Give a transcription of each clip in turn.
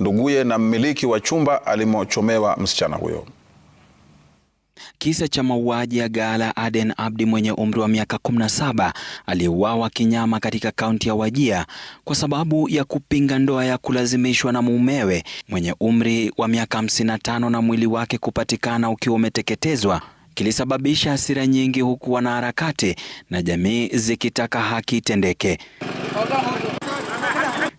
nduguye na mmiliki wa chumba alimochomewa msichana huyo. Kisa cha mauaji ya gala Aden Abdi mwenye umri wa miaka 17 aliuawa kinyama katika kaunti ya Wajia kwa sababu ya kupinga ndoa ya kulazimishwa na mumewe mwenye umri wa miaka 55 na mwili wake kupatikana ukiwa umeteketezwa kilisababisha hasira nyingi, huku wanaharakati na jamii zikitaka haki itendeke.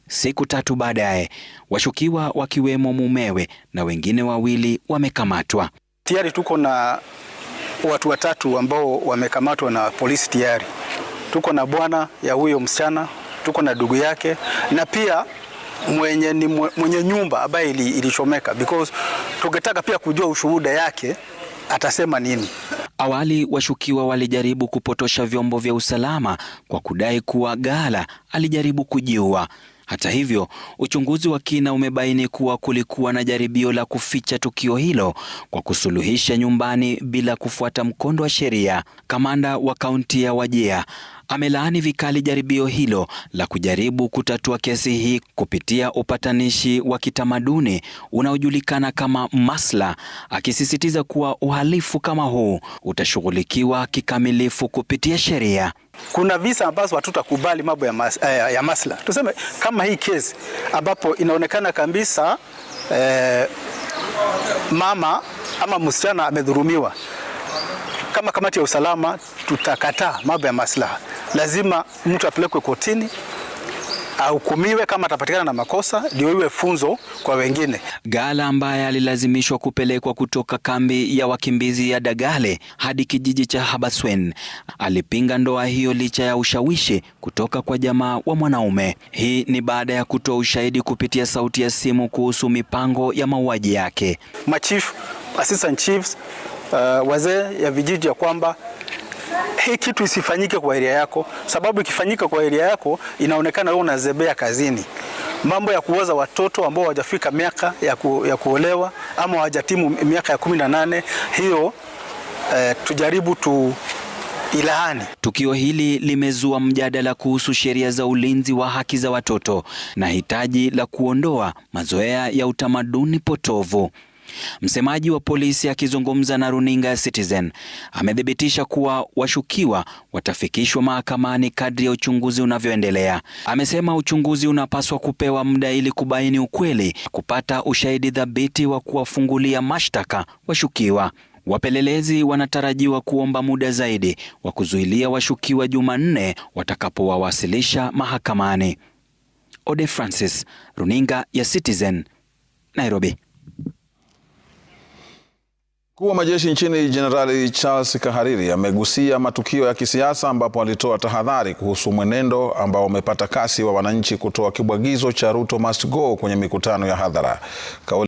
Siku tatu baadaye, washukiwa wakiwemo mumewe na wengine wawili wamekamatwa. Tayari tuko na watu watatu ambao wamekamatwa na polisi tayari. Tuko na bwana ya huyo msichana, tuko na ndugu yake na pia mwenye, ni mwenye nyumba ambaye ilichomeka because tungetaka pia kujua ushuhuda yake atasema nini. Awali washukiwa walijaribu kupotosha vyombo vya usalama kwa kudai kuwa Gala alijaribu kujiua. Hata hivyo, uchunguzi wa kina umebaini kuwa kulikuwa na jaribio la kuficha tukio hilo kwa kusuluhisha nyumbani bila kufuata mkondo wa sheria. Kamanda wa kaunti ya Wajir amelaani vikali jaribio hilo la kujaribu kutatua kesi hii kupitia upatanishi wa kitamaduni unaojulikana kama masla, akisisitiza kuwa uhalifu kama huu utashughulikiwa kikamilifu kupitia sheria. Kuna visa ambazo hatutakubali mambo ya, mas, eh, ya masla. Tuseme kama hii kesi ambapo inaonekana kabisa eh, mama ama msichana amedhulumiwa, kama kamati ya usalama tutakataa mambo ya maslaha lazima mtu apelekwe kotini ahukumiwe kama atapatikana na makosa, ndio iwe funzo kwa wengine. Gala ambaye alilazimishwa kupelekwa kutoka kambi ya wakimbizi ya Dagale hadi kijiji cha Habaswen alipinga ndoa hiyo licha ya ushawishi kutoka kwa jamaa wa mwanaume. Hii ni baada ya kutoa ushahidi kupitia sauti ya simu kuhusu mipango ya mauaji yake. Machief, assistant chiefs, uh, wazee ya vijiji ya kwamba hii kitu isifanyike kwa eria yako, sababu ikifanyika kwa eria yako inaonekana wewe unazebea kazini. Mambo ya kuoza watoto ambao hawajafika miaka ya, ku, ya kuolewa ama hawajatimu miaka ya kumi na nane hiyo eh, tujaribu tu ilaani. Tukio hili limezua mjadala kuhusu sheria za ulinzi wa haki za watoto na hitaji la kuondoa mazoea ya utamaduni potovu. Msemaji wa polisi akizungumza na runinga ya Citizen amethibitisha kuwa washukiwa watafikishwa mahakamani kadri ya uchunguzi unavyoendelea. Amesema uchunguzi unapaswa kupewa muda ili kubaini ukweli, kupata ushahidi thabiti wa kuwafungulia mashtaka washukiwa. Wapelelezi wanatarajiwa kuomba muda zaidi wa kuzuilia washukiwa Jumanne watakapowawasilisha mahakamani. Ode Francis, runinga ya Citizen, Nairobi. Mkuu wa majeshi nchini Jenerali Charles Kahariri amegusia matukio ya kisiasa ambapo alitoa tahadhari kuhusu mwenendo ambao umepata kasi wa wananchi kutoa kibwagizo cha Ruto must go kwenye mikutano ya hadhara.